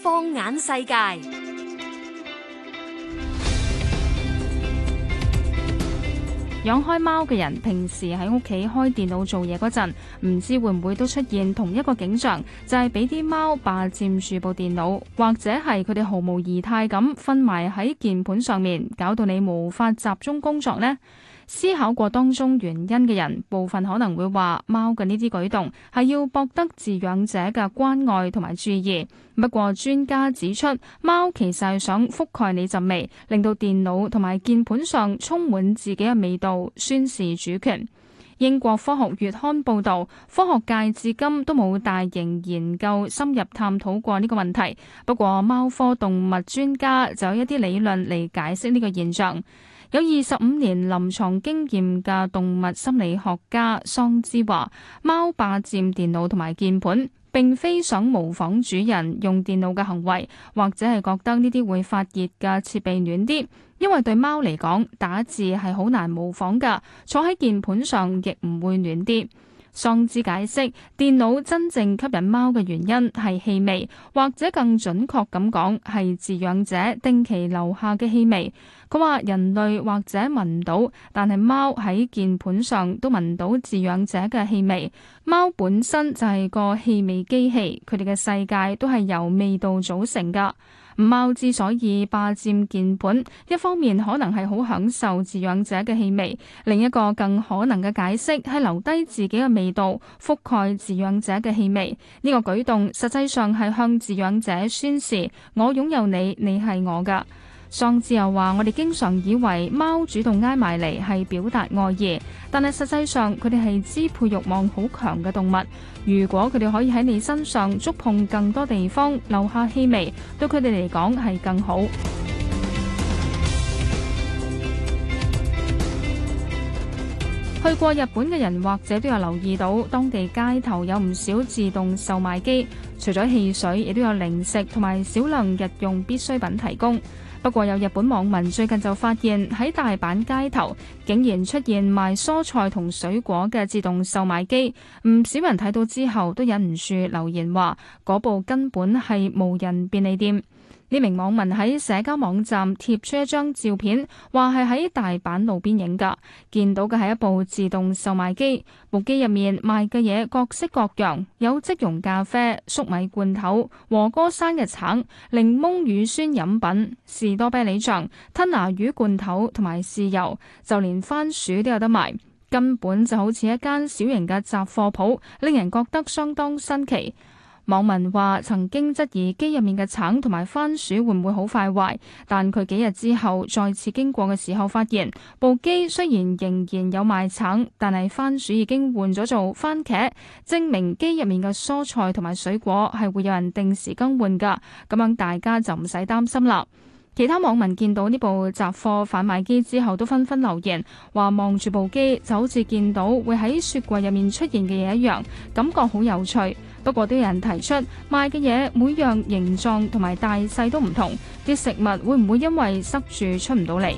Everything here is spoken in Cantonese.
放眼世界，養開貓嘅人平時喺屋企開電腦做嘢嗰陣，唔知會唔會都出現同一個景象，就係俾啲貓霸佔住部電腦，或者係佢哋毫無儀態咁瞓埋喺鍵盤上面，搞到你無法集中工作呢。思考過當中原因嘅人，部分可能會話貓嘅呢啲舉動係要博得飼養者嘅關愛同埋注意。不過專家指出，貓其實係想覆蓋你陣味，令到電腦同埋鍵盤上充滿自己嘅味道，宣示主權。英國科學月刊報道，科學界至今都冇大型研究深入探討過呢個問題。不過貓科動物專家就有一啲理論嚟解釋呢個現象。有二十五年臨床經驗嘅動物心理學家桑之華，貓霸佔電腦同埋鍵盤，並非想模仿主人用電腦嘅行為，或者係覺得呢啲會發熱嘅設備暖啲。因為對貓嚟講，打字係好難模仿㗎，坐喺鍵盤上亦唔會暖啲。喪志解釋，電腦真正吸引貓嘅原因係氣味，或者更準確咁講，係飼養者定期留下嘅氣味。佢話人類或者聞唔到，但係貓喺鍵盤上都聞到飼養者嘅氣味。貓本身就係個氣味機器，佢哋嘅世界都係由味道組成噶。貓之所以霸占鍵盤，一方面可能係好享受飼養者嘅氣味，另一個更可能嘅解釋係留低自己嘅味道，覆蓋飼養者嘅氣味。呢個舉動實際上係向飼養者宣示：我擁有你，你係我㗎。壯志又話：我哋經常以為貓主動挨埋嚟係表達愛意，但係實際上佢哋係支配慾望好強嘅動物。如果佢哋可以喺你身上觸碰更多地方，留下氣味，對佢哋嚟講係更好。去過日本嘅人或者都有留意到，當地街頭有唔少自動售賣機，除咗汽水，亦都有零食同埋少量日用必需品提供。不過，有日本網民最近就發現喺大阪街頭竟然出現賣蔬菜同水果嘅自動售賣機，唔少人睇到之後都忍唔住留言話：嗰部根本係無人便利店。呢名網民喺社交網站貼出一張照片，話係喺大阪路邊影噶。見到嘅係一部自動售賣機，部機入面賣嘅嘢各式各樣，有即溶咖啡、粟米罐頭、和歌山嘅橙、檸檬乳酸飲品、士多啤梨醬、吞拿魚罐頭同埋豉油，就連番薯都有得賣。根本就好似一間小型嘅雜貨鋪，令人覺得相當新奇。網民話：曾經質疑機入面嘅橙同埋番薯會唔會好快壞，但佢幾日之後再次經過嘅時候，發現部機雖然仍然有賣橙，但係番薯已經換咗做番茄，證明機入面嘅蔬菜同埋水果係會有人定時更換㗎，咁樣大家就唔使擔心啦。其他網民見到呢部雜貨販賣機之後，都紛紛留言，話望住部機就好似見到會喺雪櫃入面出現嘅嘢一樣，感覺好有趣。不過都有人提出，賣嘅嘢每樣形狀同埋大細都唔同，啲食物會唔會因為塞住出唔到嚟？